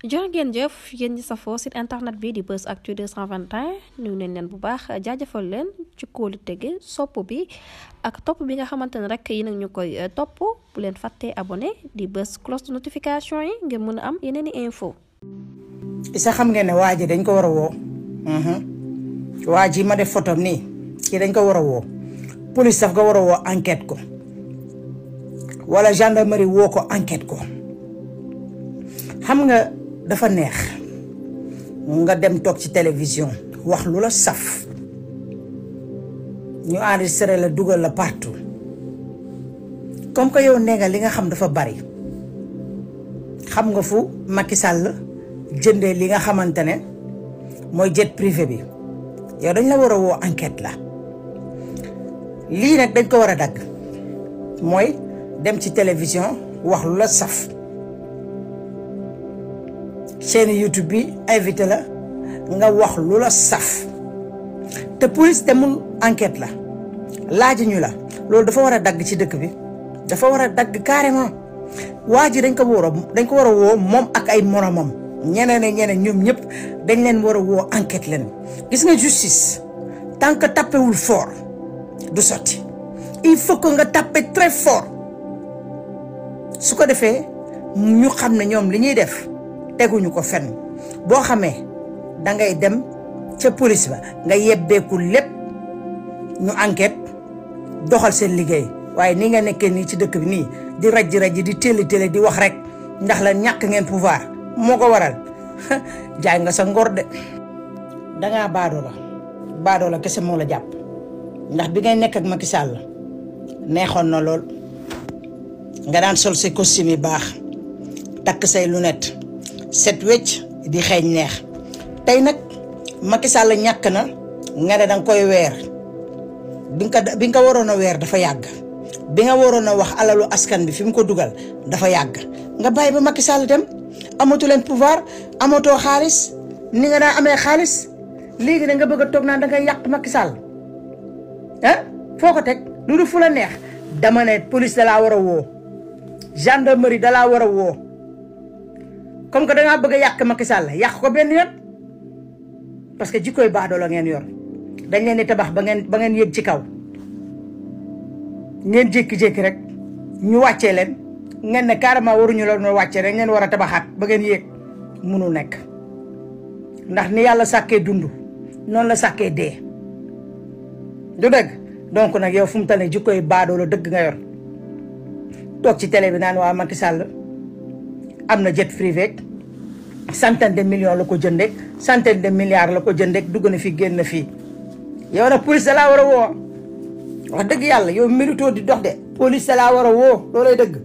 jërë ngeen jëf yéen ñi safoo site internet bi di bës Buzz Actu 221 nuyu nañ leen bu baax jaajëfal leen ci kóolu tege sopp bi ak topp bi nga xamante ne rek yi nag ñu koy euh, topp bu leen fàttee abone di bës cloche de notification yi ngir mën a am yeneen i info isa xam nga ne waa ji dañ ko war a woo mhm. waa ji ma def photom nii kii dañ ko war a woo police daf ko war a woo enquête ko wala gendarmerie woo ko enquête ko xam nga dafa neex nga dem toog ci télévision wax lu la saf ñu enregistré la dugal la partout comme que yow nee li nga xam dafa bari xam nga fu Macky sàll jënde li nga xamante ne mooy jet privé bi yow dañ la war a woo enquête la lii nag dañ ko war a dagg mooy dem ci télévision wax lu la saf chaîne YouTube bi invité la nga wax lu la saf te police demul enquête la laaj ñu la loolu dafa war a dagg ci dëkk bi dafa war a dagg carrément waa ji dañ ko war a dañ ko war a woo moom ak ay moromam ñeneen ak ñeneen ñoom ñëpp dañ leen war a woo enquête leen gis nga justice tant que tappewul fort du sotti il faut que nga tappe très fort su ko defee ñu xam ne ñoom li ñuy def teguñu ko fenn boo xamee dangay dem ca police ba nga yebbeeku lépp ñu enquête doxal seen liggéey waaye ni nga nekkee nii ci dëkk bi nii di rajji rajji di télé télé di wax rek ndax la ñàkk ngeen pouvoir moo ko waral jaay nga sa ngor de danga baadoo la baadoo la kese moo la jàpp ndax bi ngay nekk ak Macky Sall la neexoon na lool nga daan sol say costume yi baax takk say lunette set wecc di xeeñ neex tey nag Macky Sall ñàkk na nga ne danga koy weer bi nga ko bi nga waroon a weer dafa yàgg bi nga waroon a wax alalu askan bi fi mu ko dugal dafa yàgg nga bàyyi ba Macky Sall dem amatu leen pouvoir amatoo xaalis ni nga daa amee xaalis léegi da nga bëgg a toog naan da yàq Macky Sall ah foo ko teg lu dul fu la neex dama ne police da laa war a woo gendarmerie da laa war a woo. comme que dangaa bëgg a yàq Macky Sall yàq ko benn yoon parce que jikkooy baadoo la ngeen yor dañ leen di tabax ba ngeen ba ngeen yëg ci kaw ngeen jékki-jékki rek ñu wàccee leen ngeen ne carrément waruñu la noo wàccee rek ngeen war a tabaxaat ba ngeen yéeg munul nekk ndax ni yàlla sàkkee dund noonu la sàkkee dee du dëgg donc nag yow fu mu toll nii jikkooy baadoo la dëgg nga yor toog ci télé bi naan waa Macky sàll am na jet privé centaine de million la ko jëndee centaine de milliards la ko jëndee dugg na fi génn na yow nag police da laa war a woo wax dëgg yàlla yow mérito di dox de police da laa war a woo loolay dëgg.